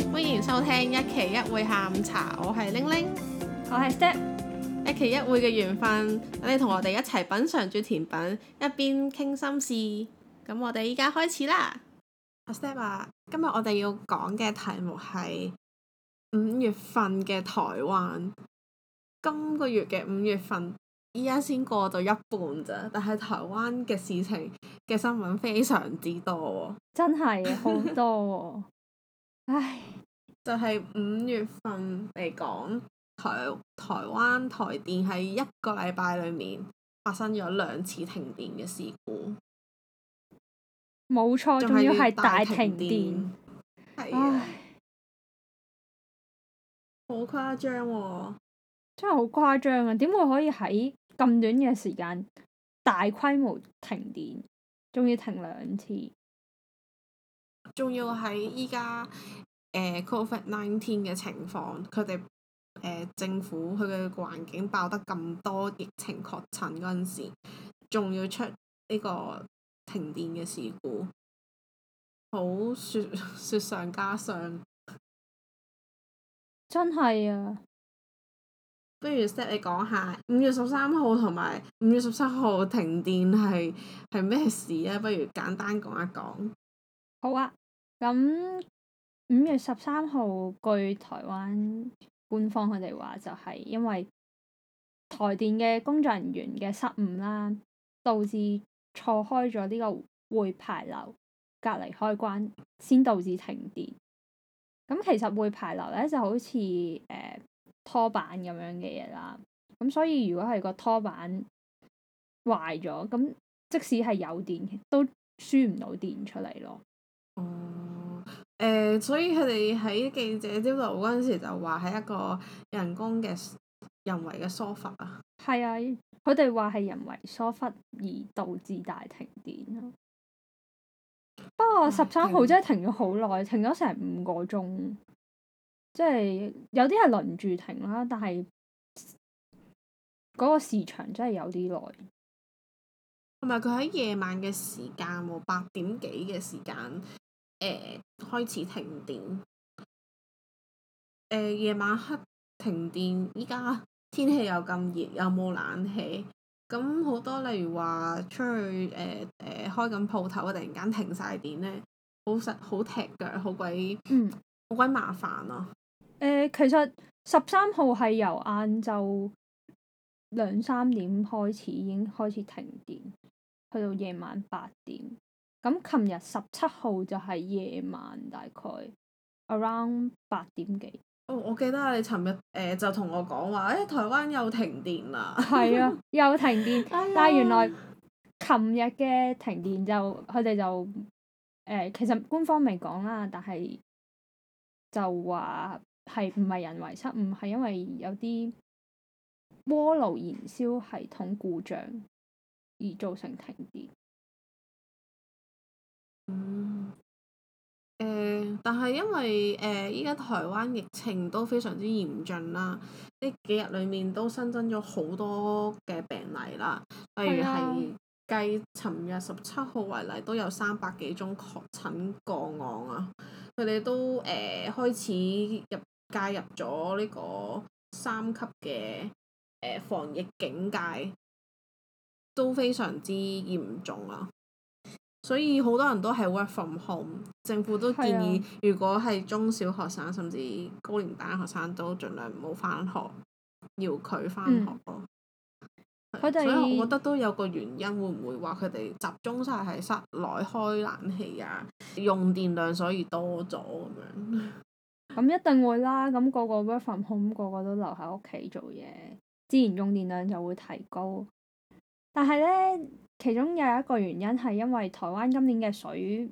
歡迎收聽一期一會下午茶，我係玲玲，我係 Step。一期一會嘅緣分，等你同我哋一齊品嘗住甜品，一邊傾心事。咁我哋依家開始啦。阿 Step 啊，今日我哋要講嘅題目係五月份嘅台灣，今個月嘅五月份。依家先過到一半咋，但係台灣嘅事情嘅新聞非常之多、哦，真係好多喎、哦。唉， 就係五月份嚟講，台台灣台電喺一個禮拜裡面發生咗兩次停電嘅事故。冇錯，仲要係大停電， 啊、唉，好誇張喎、哦！真係好誇張啊！點會可以喺～咁短嘅時間，大規模停電，仲要停兩次，仲要喺依家誒，COVID nineteen 嘅情況，佢哋誒政府佢嘅環境爆得咁多疫情確診嗰陣時，仲要出呢個停電嘅事故，好雪雪上加霜，真係啊！不如 set 你講下五月十三號同埋五月十七號停電係係咩事啊？不如簡單講一講。好啊，咁五月十三號，據台灣官方佢哋話就係因為台電嘅工作人員嘅失誤啦、啊，導致錯開咗呢個匯流排隔離開關，先導致停電。咁其實匯流排咧，就好似誒。呃拖板咁樣嘅嘢啦，咁所以如果係個拖板壞咗，咁即使係有電都輸唔到電出嚟咯。哦、嗯，誒、呃，所以佢哋喺記者招待會嗰陣時就話係一個人工嘅人為嘅疏忽啊。係啊，佢哋話係人為疏忽而導致大停電。唉不過十三號真係停咗好耐，唉停咗成五個鐘。即係有啲係輪住停啦，但係嗰個時長真係有啲耐，同埋佢喺夜晚嘅時間喎、哦，八點幾嘅時間，誒、呃、開始停電，誒、呃、夜晚黑停電，依家天氣又咁熱，又冇冷氣，咁好多例如話出去誒誒、呃呃、開緊鋪頭，突然間停晒電咧，好實好踢腳，好鬼，好鬼麻煩咯、啊、～、嗯誒、呃，其實十三號係由晏晝兩三點開始已經開始停電，去到夜晚八點。咁琴日十七號就係夜晚大概，大概 around 八點幾。哦，我記得你琴日誒就同我講話，誒、欸、台灣又停電啦。係 啊，又停電， 哎、呦但係原來琴日嘅停電就佢哋就誒、呃，其實官方未講啦，但係就話。係唔係人為失誤？係因為有啲鍋爐燃燒系統故障而造成停電，嗯呃。但係因為誒依家台灣疫情都非常之嚴峻啦，呢幾日裡面都新增咗好多嘅病例啦。例如係繼尋日十七號為例，都有三百幾宗確診個案啊。佢哋都誒、呃、開始入。介入咗呢個三級嘅防疫警戒，都非常之嚴重啊，所以好多人都係 work from home，政府都建議如果係中小學生甚至高年班學生都盡量唔好返學，要佢返學咯。嗯、所以我覺得都有個原因，會唔會話佢哋集中晒喺室內開冷氣啊，用電量所以多咗咁樣？嗯咁一定會啦，咁、那個個 work from home，咁個個都留喺屋企做嘢，自然用電量就會提高。但係咧，其中有一個原因係因為台灣今年嘅水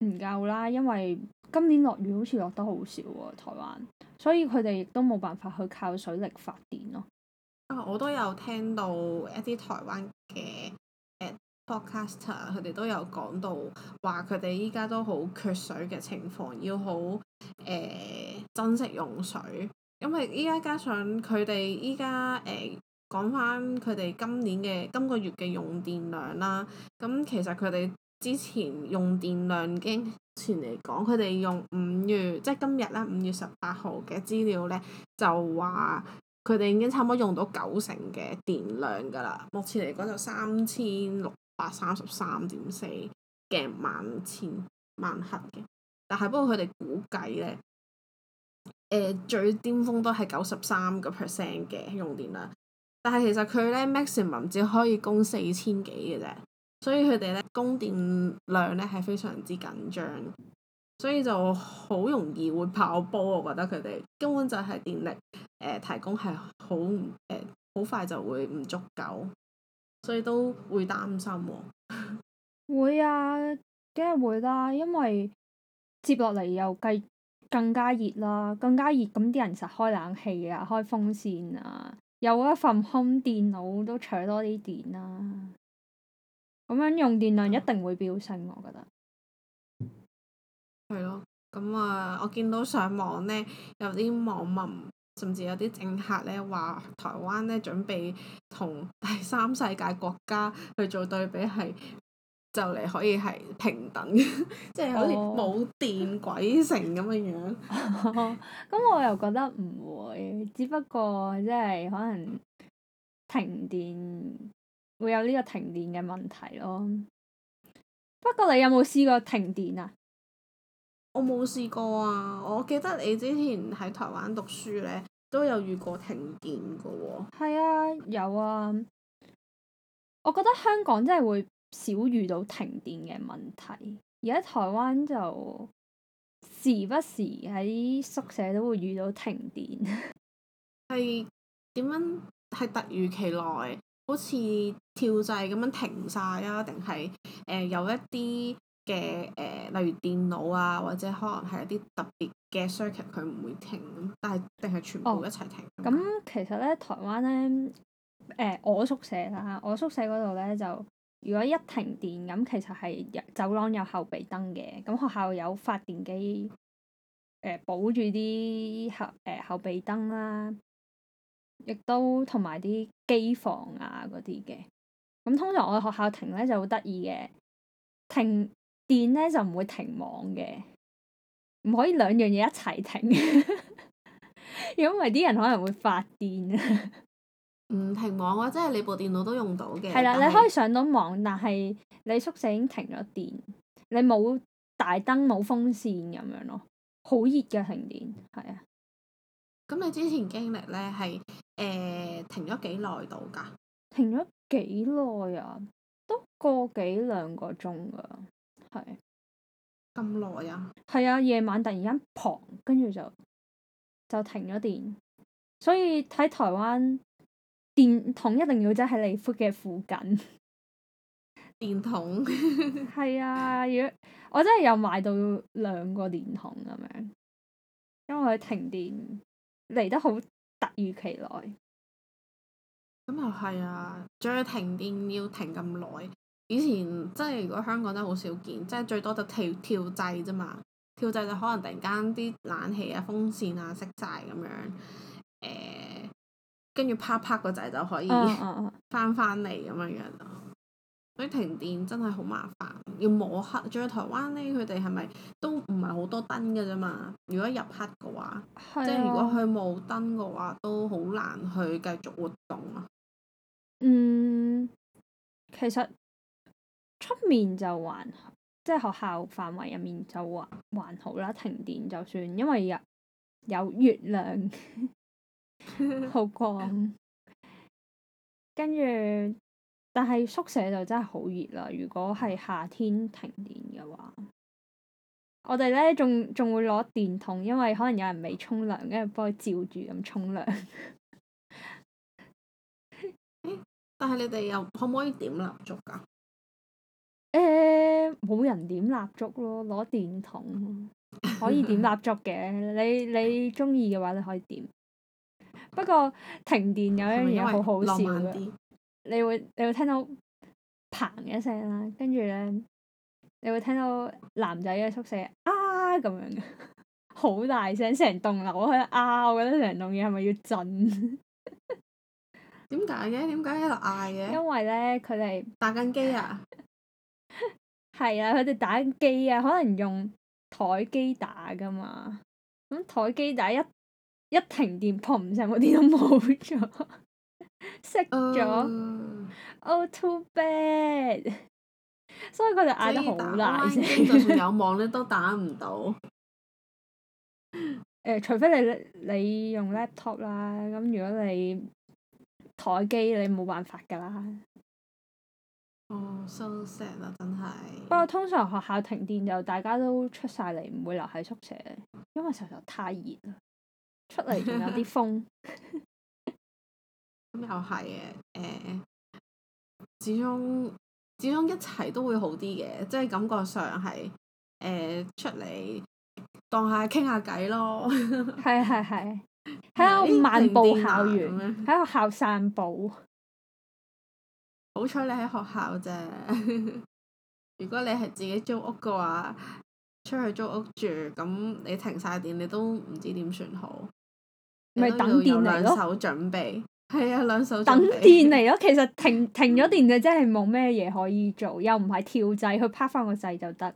唔夠啦，因為今年落雨好似落得好少喎、啊，台灣，所以佢哋亦都冇辦法去靠水力發電咯。啊，我都有聽到一啲台灣嘅。播 Broadcaster 佢哋都有講到，話佢哋依家都好缺水嘅情況，要好誒、呃、珍惜用水。因為依家加上佢哋依家誒講翻佢哋今年嘅今、這個月嘅用電量啦，咁其實佢哋之前用電量經前嚟講，佢哋用五月即係今日啦，五月十八號嘅資料呢，就話佢哋已經差唔多用到九成嘅電量噶啦。目前嚟講就三千六百三十三點四嘅萬千萬克嘅，但係不過佢哋估計咧，誒、呃、最巔峰都係九十三個 percent 嘅用電量，但係其實佢咧 maximum 只可以供四千幾嘅啫，所以佢哋咧供電量咧係非常之緊張，所以就好容易會爆煲，我覺得佢哋根本就係電力誒、呃、提供係好誒好快就會唔足夠。所以都會擔心喎，會啊，梗係會啦，因為接落嚟又計更加熱啦，更加熱，咁啲人實開冷氣啊，開風扇啊，有一份空電腦都取多啲電啦、啊，咁樣用電量一定會飆升，嗯、我覺得係咯。咁啊，我見到上網呢，有啲網民。甚至有啲政客咧話，台灣咧準備同第三世界國家去做對比，係就嚟可以係平等嘅， 即係好似冇電鬼城咁嘅樣。咁、oh. oh. 我又覺得唔會， 只不過即係可能停電會有呢個停電嘅問題咯。不過你有冇試過停電啊？我冇試過啊！我記得你之前喺台灣讀書呢，都有遇過停電噶喎、哦。係啊，有啊。我覺得香港真係會少遇到停電嘅問題，而家台灣就時不時喺宿舍都會遇到停電。係 點樣？係突如其來，好似跳掣咁樣停晒？啊？定係誒有一啲？嘅誒，例如電腦啊，或者可能係一啲特別嘅 circuit，佢唔會停，但係定係全部一齊停？咁、哦、其實咧，台灣咧，誒、呃、我宿舍啦，我宿舍嗰度咧就如果一停電咁，其實係有走廊有後備燈嘅，咁學校有發電機誒保住啲後誒、呃、後備燈啦，亦都同埋啲機房啊嗰啲嘅。咁通常我哋學校停咧就好得意嘅停。電咧就唔會停網嘅，唔可以兩樣嘢一齊停，因為啲人可能會發電。唔 停網嘅話，即係你部電腦都用到嘅。係啦的，是你可以上到網，但係你宿舍已經停咗電，你冇大燈、冇風扇咁樣咯，好熱嘅停電。係啊。咁你之前經歷咧係誒停咗幾耐度噶？停咗幾耐啊？都個幾兩個鐘噶？係咁耐啊！係啊，夜晚突然間啪，跟住就就停咗電，所以喺台灣電筒一定要即喺你忽嘅附近。 電筒係啊， 如果我真係有買到兩個電筒咁樣，因為佢停電嚟得好突如其來，咁又係啊，仲要停電要停咁耐。以前真係如果香港真係好少見，即係最多就跳跳掣啫嘛，跳掣就可能突然間啲冷氣啊、風扇啊熄晒咁樣，誒、呃，跟住啪啪個掣就可以翻返嚟咁樣咯。所以停電真係好麻煩，要摸黑。仲有台灣呢，佢哋係咪都唔係好多燈嘅啫嘛？如果入黑嘅話，啊、即係如果佢冇燈嘅話，都好難去繼續活動啊。嗯，其實。出面就還好，即係學校範圍入面就還還好啦。停電就算，因為有有月亮 好光，跟住 但係宿舍就真係好熱啦。如果係夏天停電嘅話，我哋呢仲仲會攞電筒，因為可能有人未沖涼，跟住幫佢照住咁沖涼。 但係你哋又可唔可以點蠟燭噶？誒，冇、欸、人點蠟燭咯，攞電筒可以點蠟燭嘅。你你中意嘅話，你可以點。不過停電有一樣嘢好好笑嘅，是是你會你會聽到嘭一聲啦，跟住咧你會聽到男仔嘅宿舍啊咁樣，好大聲，成棟樓喺度啊，我覺得成棟嘢係咪要震？點解嘅？點解喺度嗌嘅？因為咧，佢哋打緊機啊。 係啊，佢哋打機啊，可能用台機打㗎嘛。咁台機打一一停電，撲唔成，嗰啲都冇咗，熄咗。Oh, too bad！ 所以佢哋嗌得好大聲，有網咧都打唔到。誒，除非你你用 laptop 啦，咁如果你台機你冇辦法㗎啦。哦、oh，so sad 啦，真係。不過通常學校停電就大家都出晒嚟，唔會留喺宿舍，因為實在太熱啦，出嚟仲有啲風。咁、 嗯、又係嘅，誒、呃，始終始終一切都會好啲嘅，即係感覺上係誒、呃、出嚟當下傾下偈咯。係係係，喺度漫步校園，喺學 校散步。好彩你喺學校咋。 如果你係自己租屋嘅話，出去租屋住咁，你停晒電，你都唔知點算好。咪等電嚟咯，兩手準備。係啊，兩手。等電嚟咯，其實停停咗電就真係冇咩嘢可以做，又唔係跳掣，去拍翻個掣就得。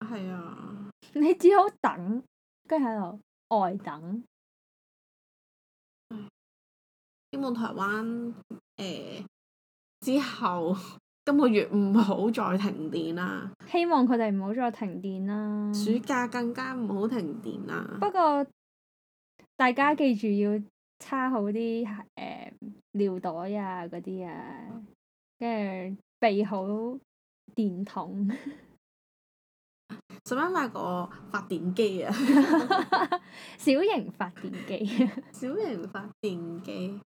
係啊。你只好等，跟住喺度呆等。希望台灣誒。欸之後，今個月唔好再停電啦！希望佢哋唔好再停電啦！暑假更加唔好停電啦！不過，大家記住要叉好啲誒、嗯、尿袋啊嗰啲啊，跟住備好電筒。使唔使買個發電機啊？ 小型發電機。 小型發電機。